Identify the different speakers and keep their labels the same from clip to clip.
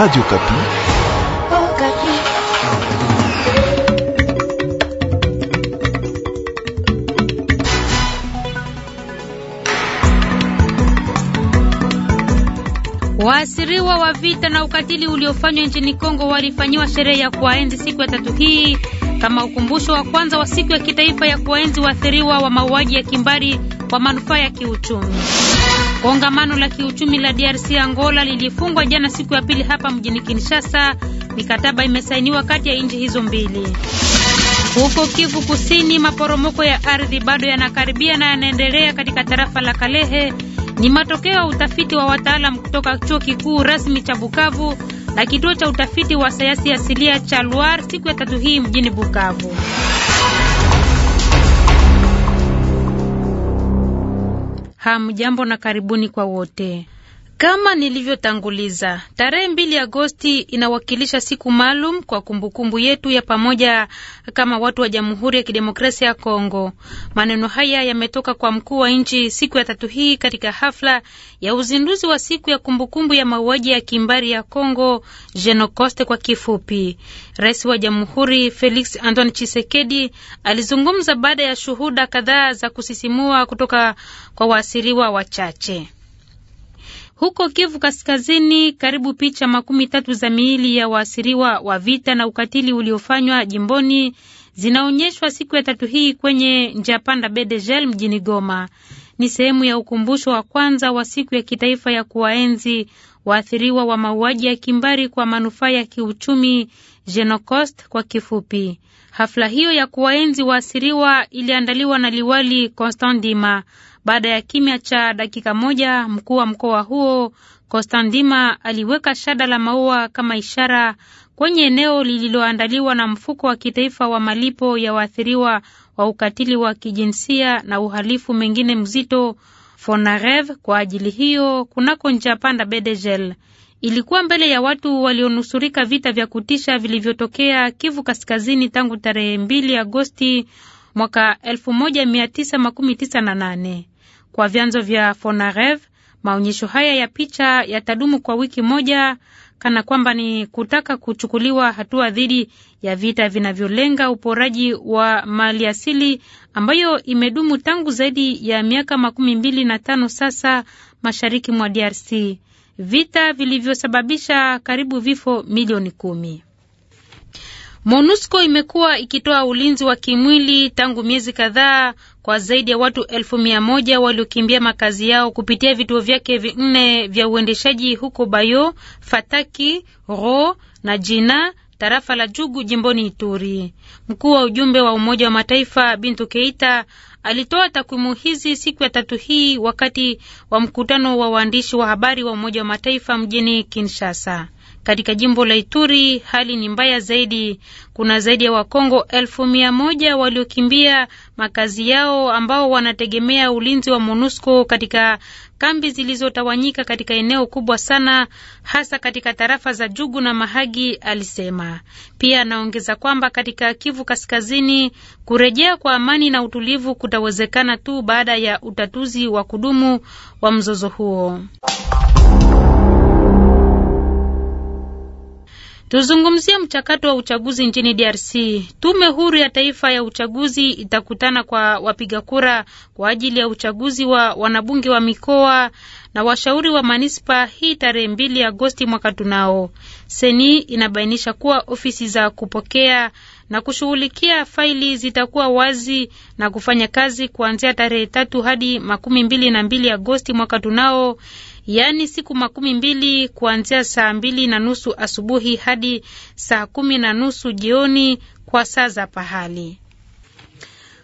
Speaker 1: Radio Kapi. Oh, Kapi.
Speaker 2: Waasiriwa wa vita na ukatili uliofanywa nchini Kongo walifanyiwa sherehe ya kuwaenzi siku ya tatu hii kama ukumbusho wa kwanza wa siku ya kitaifa ya kuwaenzi waathiriwa wa mauaji ya kimbari kwa manufaa ya kiuchumi. Kongamano la kiuchumi la DRC Angola lilifungwa jana siku ya pili hapa mjini Kinshasa. Mikataba imesainiwa kati ya nchi hizo mbili. Huko Kivu Kusini, maporomoko ya ardhi bado yanakaribia na yanaendelea katika tarafa la Kalehe. Ni matokeo ya utafiti wa wataalam kutoka chuo kikuu rasmi cha Bukavu na kituo cha utafiti wa sayansi asilia cha Luar siku ya tatu hii mjini Bukavu. Hamjambo na karibuni kwa wote. Kama nilivyotanguliza, tarehe mbili Agosti inawakilisha siku maalum kwa kumbukumbu yetu ya pamoja kama watu wa Jamhuri ya Kidemokrasia ya Kongo. Maneno haya yametoka kwa mkuu wa nchi siku ya tatu hii katika hafla ya uzinduzi wa siku ya kumbukumbu ya mauaji ya kimbari ya Kongo, Genocost kwa kifupi. Rais wa Jamhuri Felix Antoine chisekedi alizungumza baada ya shuhuda kadhaa za kusisimua kutoka kwa waasiriwa wachache. Huko Kivu Kaskazini, karibu picha makumi tatu za miili ya waasiriwa wa vita na ukatili uliofanywa jimboni zinaonyeshwa siku ya tatu hii kwenye Njapanda Bedegel mjini Goma. Ni sehemu ya ukumbusho wa kwanza wa siku ya kitaifa ya kuwaenzi waathiriwa wa mauaji ya kimbari kwa manufaa ya kiuchumi Genocost kwa kifupi. Hafla hiyo ya kuwaenzi waasiriwa iliandaliwa na liwali Constant Dima. Baada ya kimya cha dakika moja, mkuu wa mkoa huo Constant Dima aliweka shada la maua kama ishara kwenye eneo lililoandaliwa na mfuko wa kitaifa wa malipo ya waathiriwa wa ukatili wa kijinsia na uhalifu mengine mzito Fonarev kwa ajili hiyo kunako Njapanda Bedegel ilikuwa mbele ya watu walionusurika vita vya kutisha vilivyotokea Kivu Kaskazini tangu tarehe 2 Agosti mwaka 1998. Kwa vyanzo vya Fonarev, maonyesho haya ya picha yatadumu kwa wiki moja, kana kwamba ni kutaka kuchukuliwa hatua dhidi ya vita vinavyolenga uporaji wa mali asili ambayo imedumu tangu zaidi ya miaka makumi mbili na tano sasa mashariki mwa DRC vita vilivyosababisha karibu vifo milioni kumi. MONUSCO imekuwa ikitoa ulinzi wa kimwili tangu miezi kadhaa kwa zaidi ya watu elfu mia moja waliokimbia makazi yao kupitia vituo vyake vinne vya uendeshaji huko Bayo, Fataki, Ro na Jina tarafa la Jugu jimboni Ituri. Mkuu wa ujumbe wa Umoja wa Mataifa Bintu Keita alitoa takwimu hizi siku ya tatu hii wakati wa mkutano wa waandishi wa habari wa Umoja wa Mataifa mjini Kinshasa. Katika jimbo la Ituri hali ni mbaya zaidi. Kuna zaidi ya Wakongo elfu mia moja waliokimbia makazi yao ambao wanategemea ulinzi wa MONUSCO katika kambi zilizotawanyika katika eneo kubwa sana, hasa katika tarafa za Jugu na Mahagi, alisema. Pia anaongeza kwamba katika Kivu Kaskazini, kurejea kwa amani na utulivu kutawezekana tu baada ya utatuzi wa kudumu wa mzozo huo. Tuzungumzie mchakato wa uchaguzi nchini DRC. Tume huru ya taifa ya uchaguzi itakutana kwa wapiga kura kwa ajili ya uchaguzi wa wanabunge wa mikoa na washauri wa manispa hii tarehe mbili Agosti mwaka tunao. Seni inabainisha kuwa ofisi za kupokea na kushughulikia faili zitakuwa wazi na kufanya kazi kuanzia tarehe tatu hadi makumi mbili na mbili Agosti mwaka tunao yaani siku makumi mbili kuanzia saa mbili na nusu asubuhi hadi saa kumi na nusu jioni kwa saa za pahali.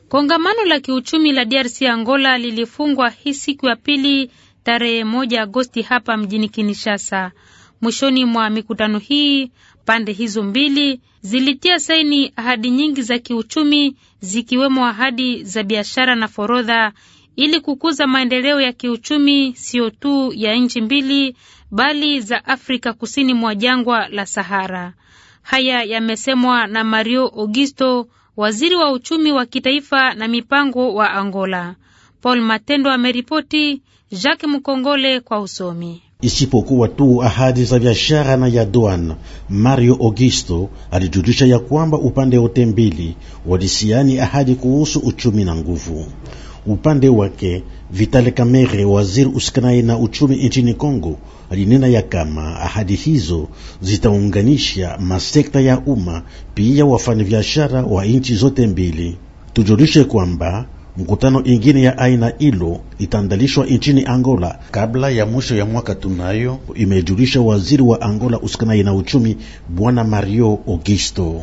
Speaker 2: Kongamano la kiuchumi la DRC Angola lilifungwa hii siku ya pili tarehe moja Agosti hapa mjini kinishasa Mwishoni mwa mikutano hii pande hizo mbili zilitia saini ahadi nyingi za kiuchumi zikiwemo ahadi za biashara na forodha ili kukuza maendeleo ya kiuchumi sio tu ya nchi mbili bali za Afrika kusini mwa jangwa la Sahara. Haya yamesemwa na Mario Augusto, waziri wa uchumi wa kitaifa na mipango wa Angola. Paul Matendo ameripoti, Jacques Mkongole kwa usomi
Speaker 1: Isipokuwa tu ahadi za biashara na ya douane, Mario Augusto alijulisha ya kwamba upande wote mbili walisiani ahadi kuhusu uchumi na nguvu. Upande wake vitale Kamere, waziri usikanaye na uchumi nchini Kongo, alinena ya kama ahadi hizo zitaunganisha masekta ya umma pia wafanyabiashara wa nchi zote mbili. Tujulishe kwamba mkutano ingine ya aina ilo itaandalishwa nchini Angola kabla ya mwisho ya mwaka tunayo, imejulisha waziri wa Angola usikanaye na uchumi Bwana Mario Augusto.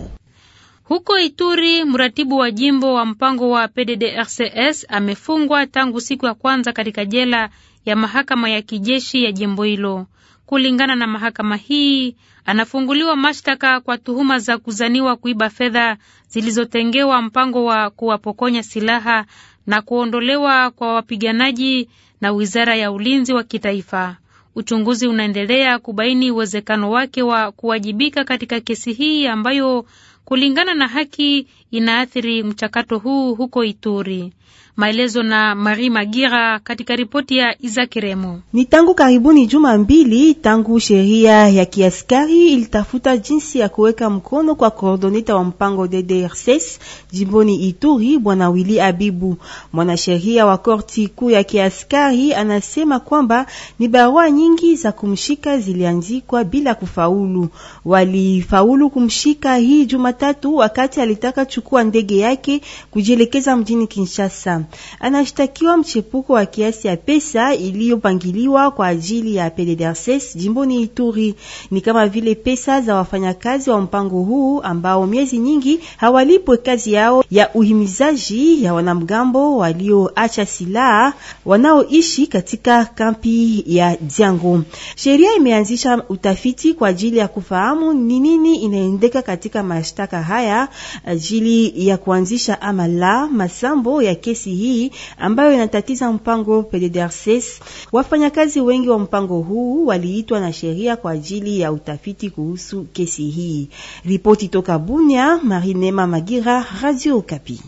Speaker 2: Huko Ituri, mratibu wa jimbo wa mpango wa PDDRCS amefungwa tangu siku ya kwanza katika jela ya mahakama ya kijeshi ya jimbo hilo. Kulingana na mahakama hii, anafunguliwa mashtaka kwa tuhuma za kuzaniwa kuiba fedha zilizotengewa mpango wa kuwapokonya silaha na kuondolewa kwa wapiganaji na Wizara ya Ulinzi wa Kitaifa. Uchunguzi unaendelea kubaini uwezekano wake wa kuwajibika katika kesi hii ambayo kulingana na haki inaathiri mchakato huu huko Ituri. Maelezo na Mari Magira katika ripoti ya Isaac Remo.
Speaker 3: Ni tangu karibuni juma mbili tangu sheria ya kiaskari ilitafuta jinsi ya kuweka mkono kwa koordoneta wa mpango DDRCS jimboni Ituri, bwana Willy Abibu. Mwanasheria wa korti kuu ya kiaskari anasema kwamba ni barua nyingi za kumshika ziliandikwa bila kufaulu. Walifaulu kumshika hii Jumatatu wakati alitaka chukua ndege yake kujielekeza mjini Kinshasa. Anashtakiwa mchepuko wa kiasi ya pesa iliyopangiliwa kwa ajili ya PDDRCS jimboni Ituri, ni kama vile pesa za wafanyakazi wa mpango huu ambao miezi nyingi hawalipwe kazi yao ya uhimizaji ya wanamgambo walioacha silaha wanaoishi katika kampi ya Diango. Sheria imeanzisha utafiti kwa ajili ya kufahamu ni nini inaendeka katika mashtaka haya ajili ya kuanzisha ama la masambo ya kesi hii ambayo inatatiza mpango PDDRCS. Wafanyakazi wengi wa mpango huu waliitwa na sheria kwa ajili ya utafiti kuhusu kesi hii. Ripoti toka Bunia, Marinema Magira, Radio Kapi.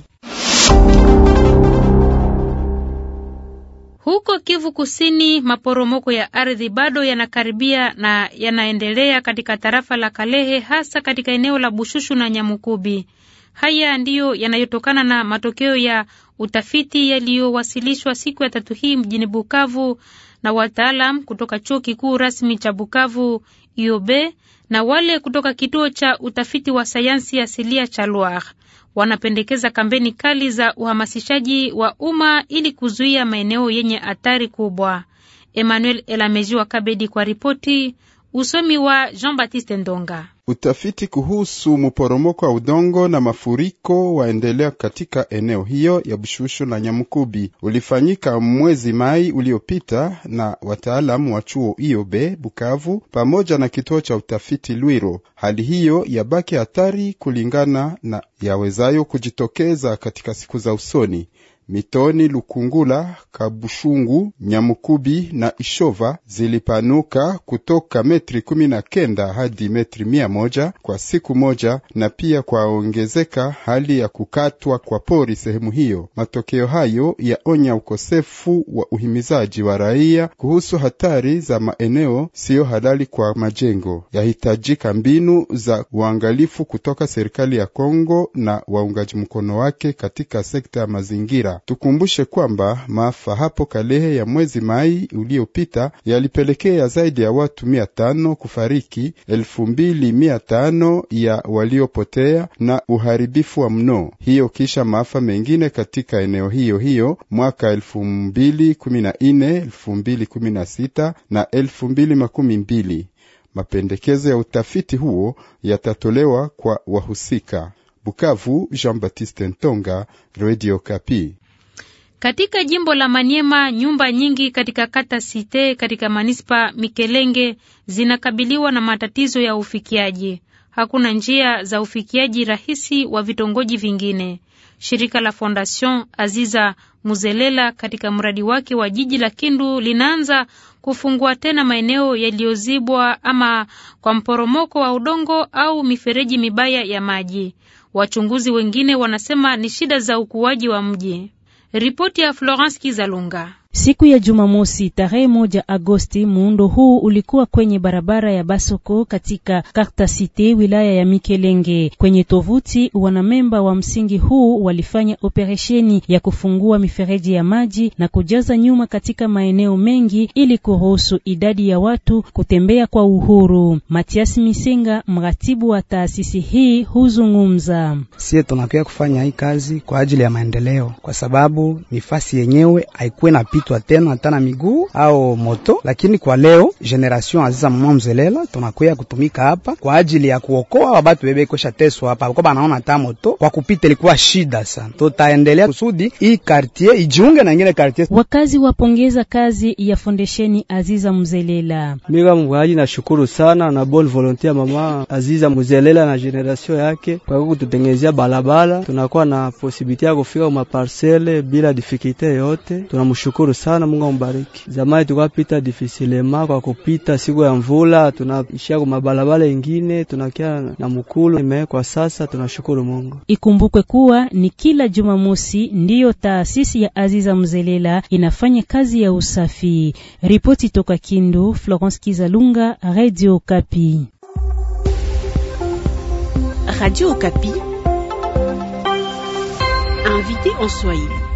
Speaker 2: Huko Kivu Kusini, maporomoko ya ardhi bado yanakaribia na yanaendelea katika tarafa la Kalehe, hasa katika eneo la Bushushu na Nyamukubi. Haya ndiyo yanayotokana na matokeo ya utafiti yaliyowasilishwa siku ya tatu hii mjini Bukavu na wataalam kutoka chuo kikuu rasmi cha Bukavu IOB na wale kutoka kituo cha utafiti wa sayansi asilia cha Loire. Wanapendekeza kampeni kali za uhamasishaji wa umma ili kuzuia maeneo yenye hatari kubwa. Emmanuel Elamejiwa Kabedi kwa ripoti Usomi wa Jean-Baptiste Ndonga.
Speaker 1: Utafiti kuhusu mporomoko wa udongo na mafuriko waendelea katika eneo hiyo ya Bushushu na Nyamukubi ulifanyika mwezi Mai uliopita na wataalamu wa chuo be Bukavu pamoja na kituo cha utafiti Lwiro. Hali hiyo yabaki hatari kulingana na yawezayo kujitokeza katika siku za usoni mitoni Lukungula, Kabushungu, Nyamukubi na Ishova zilipanuka kutoka metri kumi na kenda hadi metri mia moja kwa siku moja, na pia kwaongezeka hali ya kukatwa kwa pori sehemu hiyo. Matokeo hayo yaonya ukosefu wa uhimizaji wa raia kuhusu hatari za maeneo siyo halali kwa majengo. Yahitajika mbinu za uangalifu kutoka serikali ya Kongo na waungaji mkono wake katika sekta ya mazingira. Tukumbushe kwamba maafa hapo Kalehe ya mwezi Mai uliopita yalipelekea zaidi ya watu mia tano kufariki, elfu mbili mia tano ya waliopotea na uharibifu wa mno hiyo, kisha maafa mengine katika eneo hiyo hiyo mwaka elfu mbili kumi na nne elfu mbili kumi na sita na elfu mbili makumi mbili. Mapendekezo ya utafiti huo yatatolewa kwa wahusika. Bukavu, Jean Baptiste Ntonga, Radio Kapi.
Speaker 2: Katika jimbo la Maniema, nyumba nyingi katika kata Site katika manispa Mikelenge zinakabiliwa na matatizo ya ufikiaji. Hakuna njia za ufikiaji rahisi wa vitongoji vingine. Shirika la Fondation Aziza Muzelela katika mradi wake wa jiji la Kindu linaanza kufungua tena maeneo yaliyozibwa ama kwa mporomoko wa udongo au mifereji mibaya ya maji. Wachunguzi wengine wanasema ni shida za ukuaji wa mji. Ripoti ya Florence Kizalunga. Siku ya Jumamosi tarehe moja Agosti, muundo huu ulikuwa kwenye barabara ya Basoko katika Karta City wilaya ya Mikelenge. Kwenye tovuti, wanamemba wa msingi huu walifanya operesheni ya kufungua mifereji ya maji na kujaza nyuma katika maeneo mengi ili kuruhusu idadi ya watu kutembea kwa uhuru. Matias Misenga, mratibu wa taasisi hii, huzungumza.
Speaker 4: Sie tunakia kufanya hii kazi kwa ajili ya maendeleo, kwa sababu nifasi yenyewe haikuwa na piki kuitwa tena tana na miguu au moto, lakini kwa leo generation Aziza mama mzelela tunakuya kutumika hapa kwa ajili ya kuokoa wabatu bebe kosha teswa hapa kwa banaona ta moto kwa kupita, ilikuwa shida sana. Tutaendelea kusudi hii quartier ijiunge na nyingine quartier. Wakazi
Speaker 2: wapongeza kazi ya foundation Aziza Mzelela.
Speaker 4: Mimi mwaji na shukuru
Speaker 3: sana na bon volonté ya mama Aziza Mzelela na generation yake kwa kututengenezea balabala, tunakuwa na posibilite ya kufika kwa maparcele bila difikite yote, tunamshukuru sana, Mungu ambariki. Zamani tukapita difisilema kwa kupita siku ya mvula, tunaishia kwa mabalabala ingine, tunakia na mukulu ime. Kwa sasa tunashukuru Mungu.
Speaker 2: Ikumbukwe kuwa ni kila Jumamosi ndiyo taasisi ya Aziza Mzelela inafanya kazi ya usafi. Ripoti toka Kindu, Florence Kizalunga, Radio
Speaker 3: Kapi. Radio Kapi. Invité en Swahili.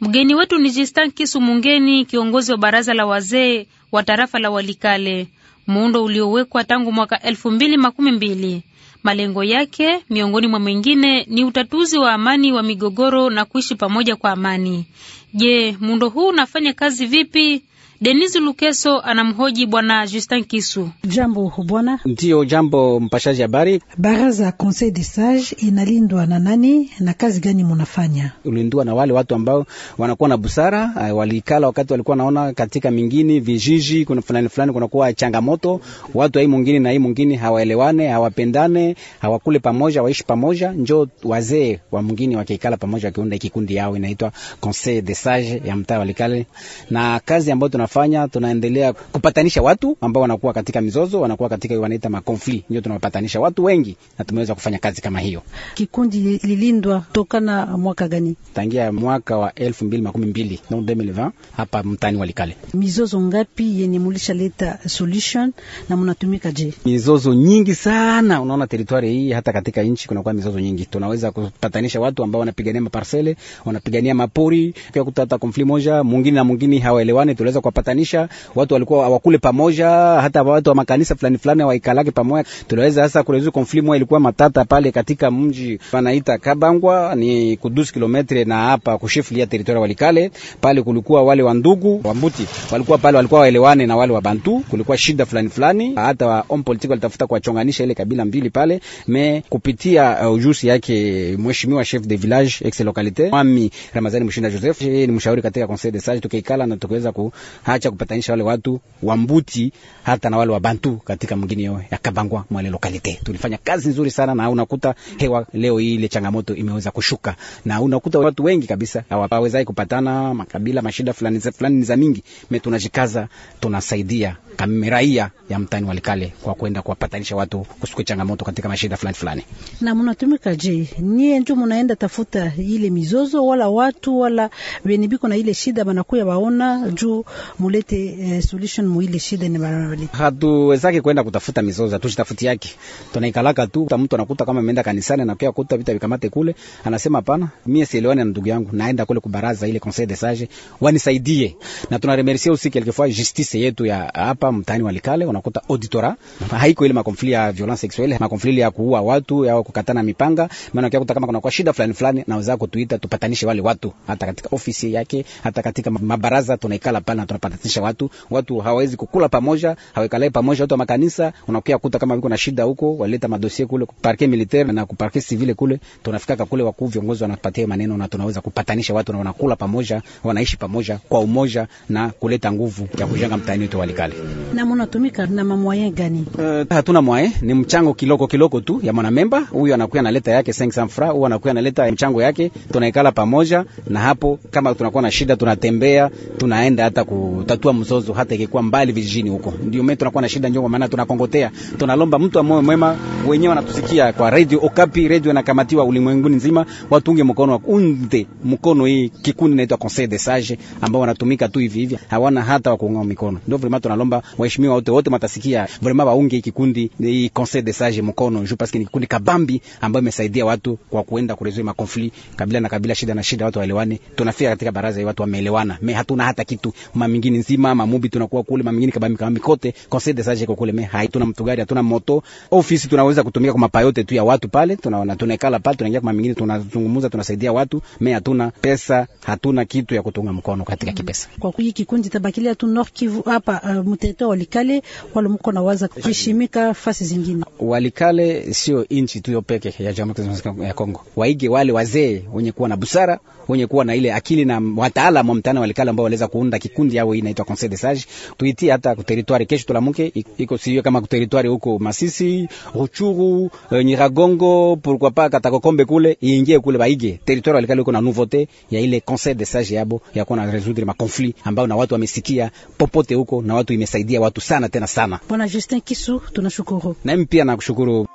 Speaker 2: Mgeni wetu ni Justin Kisu Mungeni, kiongozi wa baraza la wazee wa tarafa la Walikale, muundo uliowekwa tangu mwaka elfu mbili makumi mbili. Malengo yake miongoni mwa mengine ni utatuzi wa amani wa migogoro na kuishi pamoja kwa amani. Je, muundo huu unafanya kazi vipi? Denis Lukeso anamhoji bwana Justin Kisu.
Speaker 4: Jambo bwana. Ndiyo, jambo mpashaji habari. Baraza ya Conseil de Sage inalindwa na
Speaker 2: nani na kazi gani munafanya?
Speaker 4: Ulindwa na wale watu ambao wanakuwa na busara, eh, walikala wakati walikuwa naona katika mingini vijiji kuna fulani fulani kunakuwa changamoto, watu hii mwingine na hii mwingine hawaelewane, hawapendane, hawakule pamoja, waishi pamoja, njo wazee wa mwingine wakikala pamoja wakiunda kikundi yao inaitwa Conseil de Sage ya mtaa walikale. Na kazi ambayo tuna tunafanya, tunaendelea kupatanisha watu ambao wanakuwa katika mizozo, wanakuwa katika wanaita makonfli, ndio tunawapatanisha watu wengi, na tumeweza kufanya kazi kama hiyo. Kikundi lilindwa tokana mwaka gani? Tangia mwaka wa elfu mbili makumi mbili no 2020 hapa mtani Walikale. Mizozo ngapi yenye mulisha leta solution na mnatumika je? Mizozo nyingi sana, unaona teritwari hii, hata katika nchi kunakuwa mizozo nyingi. Tunaweza kupatanisha watu ambao wanapigania maparsele, wanapigania mapori, pia kutata konfli moja, mwingine na mwingine hawaelewani, tunaweza kwa kupatanisha watu, walikuwa hawakule pamoja, hata watu wa makanisa fulani fulani hawaikalake pamoja. Tuliweza hasa kurezu konfli moja ilikuwa matata pale katika mji wanaita Kabangwa, ni kudusi kilometre na hapa kushifulia teritoria Walikale. Pale kulikuwa wale wa ndugu wa Mbuti walikuwa pale, walikuwa waelewane na wale wa Bantu, kulikuwa shida fulani fulani, hata wa on politiki walitafuta kuwachonganisha ile kabila mbili pale me kupitia uh, ujusi yake mheshimiwa chef de village ex localité mami Ramazani Mshinda Joseph, yeye ni mshauri katika conseil de sage, tukaikala na tukaweza ku hacha kupatanisha wale watu wa Mbuti hata na wale wa Bantu katika mwingine ya Kabangwa mwale lokalite. Tulifanya kazi nzuri sana, na unakuta hewa leo hii ile changamoto imeweza kushuka, na unakuta watu wengi kabisa hawawezai kupatana, makabila mashida fulani za fulani za mingi. Mimi tunajikaza, tunasaidia kama raia ya mtani wa Likale kwa kwenda kuwapatanisha watu kusukua changamoto katika mashida fulani fulani.
Speaker 2: Na mnatumika je, nyie ndio mnaenda tafuta ile mizozo wala watu wala wenibiko na ile shida banakuya baona juu mulete uh, solution mwili shida ni barabara.
Speaker 4: Hatuwezaki kwenda kutafuta mizozo, hatujitafuti yake. Tunaikalaka tu, mtu anakuta kama ameenda kanisani na kia kuta vita vikamate kule, anasema hapana, mimi sielewani na ndugu yangu, naenda kule kubaraza ile conseil de sage wanisaidie. Na tunaremercier usiki alikuwa justice yetu ya hapa mtaani walikale, unakuta auditora haiko ile makonfli ya violence sexuelle, makonfli ya kuua watu ya kukatana mipanga, maana kuta kama kuna kwa shida fulani fulani, naweza kutuita tupatanishe wale watu, hata katika ofisi yake, hata katika mabaraza tunaikala pale na tunapata kupatatisha watu, watu hawawezi kukula pamoja, hawekalae pamoja, watu wa makanisa unakuya kuta kama wiko na shida huko, waleta madosie kule kuparke militaire na kuparke civile kule, tunafika kule, wakuu viongozi wanapatia maneno na tunaweza kupatanisha watu na wanakula pamoja, wanaishi pamoja kwa umoja na kuleta nguvu ya kujenga mtaani wetu Walikale.
Speaker 2: Na mnatumika na mamwaye gani?
Speaker 4: Uh, hatuna mwaye, ni mchango kiloko kiloko tu ya mwanamemba huyu, anakuya analeta yake 500 francs, huyu anakuya analeta mchango yake, tunaikala pamoja na hapo, kama tunakuwa na shida tunatembea, tunaenda hata ku kutatua mzozo, hata ikikuwa mbali vijijini huko. Ndio mimi tunakuwa na shida, ndio maana tunakongotea, tunalomba mtu amoe mwema, wenyewe wanatusikia kwa radio Okapi, radio inakamatiwa ulimwenguni nzima, watunge mkono wa unde mkono hii kikundi inaitwa Conseil des Sages, ambao wanatumika tu hivi hivi, hawana hata wa kuunga mikono. Ndio vraiment tunalomba waheshimiwa wote wote matasikia vraiment waunge hii kikundi hii Conseil des Sages mkono juu, parce que ni kikundi kabambi ambayo imesaidia watu kwa kuenda kuresolve makonfli kabila na kabila, shida na shida, watu waelewane. Tunafia katika baraza hii watu wameelewana, me hatuna hata kitu mami mingine nzima mamubi tunakuwa kule, mamingine kabambi kabambi kote conseil de sage kule me hai, tuna mtu gari, hatuna moto office tunaweza kutumika kwa mapayote tu ya watu pale, tunaona tunaikala pale, tunaingia kwa mingine, tunazungumza, tunasaidia watu me, hatuna pesa, hatuna kitu ya kutunga mkono katika mm. kipesa. Kwa
Speaker 2: hiyo kikundi tabakilia tu North Kivu hapa uh, mteto walikale wale mko na waza
Speaker 4: kuheshimika fasi zingine. Walikale sio inchi tu yopeke ya Jamhuri ya Kongo, waige wale wazee wenye kuwa na busara, wenye kuwa na ile akili na wataalamu wa mtaani walikale ambao waliweza kuunda kikundi ya yao inaitwa conseil de sage tuiti hata ku territoire kesho tulamuke iko sio kama ku territoire huko Masisi, Ruchuru, e, Nyiragongo pourquoi pas Katakokombe kule iingie kule baige territoire walikali huko na nouveauté ya ile conseil de sage yabo ya kuona résoudre ma conflit ambao na watu wamesikia popote huko na watu imesaidia watu sana tena sana. Bwana Justin Kisu tunashukuru. Na mimi pia nakushukuru.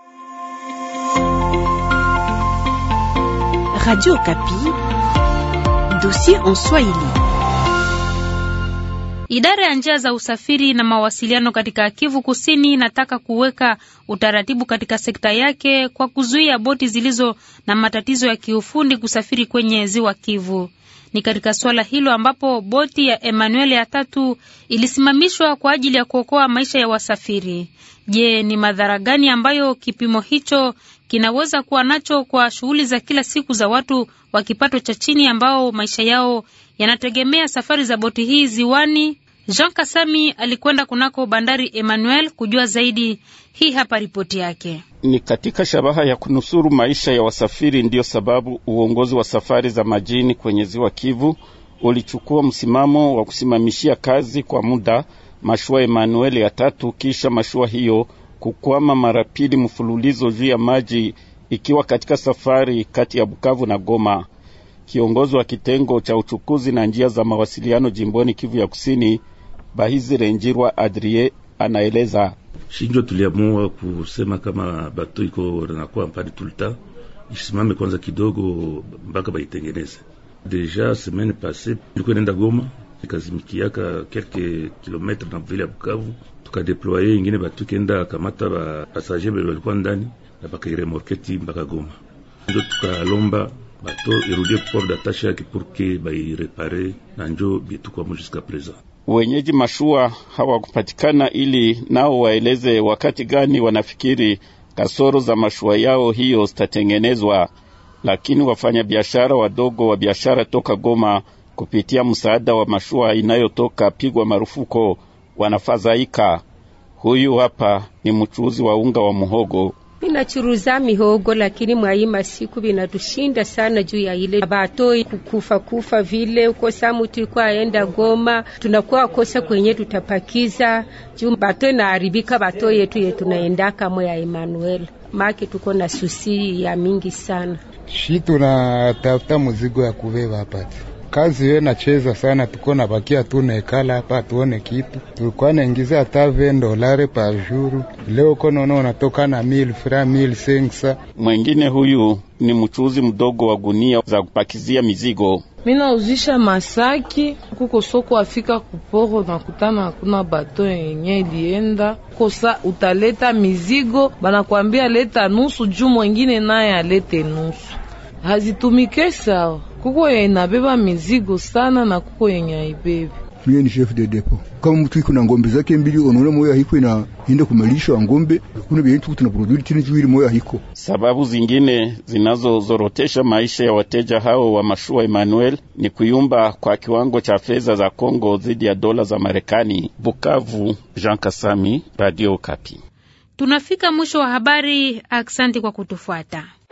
Speaker 4: Radio Kapi, dossier en Swahili.
Speaker 2: Idara ya njia za usafiri na mawasiliano katika Kivu Kusini inataka kuweka utaratibu katika sekta yake kwa kuzuia boti zilizo na matatizo ya kiufundi kusafiri kwenye ziwa Kivu. Ni katika suala hilo ambapo boti ya Emmanuel ya tatu ilisimamishwa kwa ajili ya kuokoa maisha ya wasafiri. Je, ni madhara gani ambayo kipimo hicho kinaweza kuwa nacho kwa shughuli za kila siku za watu wa kipato cha chini ambao maisha yao yanategemea safari za boti hii ziwani? Jean Kasami alikwenda kunako bandari Emmanuel kujua zaidi. Hii hapa ripoti yake.
Speaker 5: Ni katika shabaha ya kunusuru maisha ya wasafiri, ndiyo sababu uongozi wa safari za majini kwenye ziwa Kivu ulichukua msimamo wa kusimamishia kazi kwa muda mashua Emmanuel ya tatu, kisha mashua hiyo kukwama mara pili mfululizo juu ya maji ikiwa katika safari kati ya Bukavu na Goma. Kiongozi wa kitengo cha uchukuzi na njia za mawasiliano jimboni Kivu ya Kusini Bahizirenjirwa Adrie anaeleza shinjo, tuliamua kusema kama bato iko nakuwa mpani tulta isimame kwanza kidogo mpaka baitengeneze. Deja semaine pase ilikuwa nenda Goma ikazimikiaka kelke kilometre na vile ya Bukavu, tukadeploye ingine batu kenda kamata ba pasager bebe walikuwa ndani na bakairemorketi mpaka Goma, ndio tukalomba bato irudie port d'attache yake pour que bairepare na njo bietukwamu jusqu'à présent wenyeji mashua hawakupatikana ili nao waeleze wakati gani wanafikiri kasoro za mashua yao hiyo zitatengenezwa. Lakini wafanyabiashara wadogo wa biashara toka Goma kupitia msaada wa mashua inayotoka pigwa marufuko wanafadhaika. Huyu hapa ni mchuuzi wa unga wa muhogo
Speaker 2: Binachuruza mihogo, lakini mwai masiku binatushinda sana juu ya ile batoi kukufa kufa vile ukosa samu ilikuwa aenda Goma, tunakuwa kosa kwenye tutapakiza juu na inaharibika, batoi yetu yetu naenda kama ya Emmanuel make tuko na susi ya mingi sana,
Speaker 1: shi tunatafuta muzigo ya kubeba hapati kazi yo nacheza sana, tuko na bakia tu nekala hapa tuone kitu. Tulikuwa naingiza hata 20 dolari pa juru. leo no unatoka na 1000 fra 1500.
Speaker 5: Mwingine huyu ni mchuzi mdogo wa gunia za kupakizia mizigo.
Speaker 2: Mimi nauzisha masaki kuko soko afika kuporo na kutana, kuna bato yenye ilienda kosa. Utaleta mizigo banakwambia leta nusu juu mwingine naye alete nusu, hazitumike sawa kuko yenye inabeba mizigo sana na kuko yenye haibebe.
Speaker 1: Mie ni chef de depo. Kama mtu iko na ngombe zake mbili, unaona moyo haiko ina enda kumalisha ngombe, kuna bia mtu tuna produce tini juu moyo haiko.
Speaker 5: Sababu zingine zinazozorotesha maisha ya wateja hao wa mashua Emmanuel ni kuyumba kwa kiwango cha fedha za Kongo dhidi ya dola za Marekani. Bukavu, Jean Kasami, Radio Kapi.
Speaker 2: Tunafika mwisho wa habari. Asante kwa kutufuata.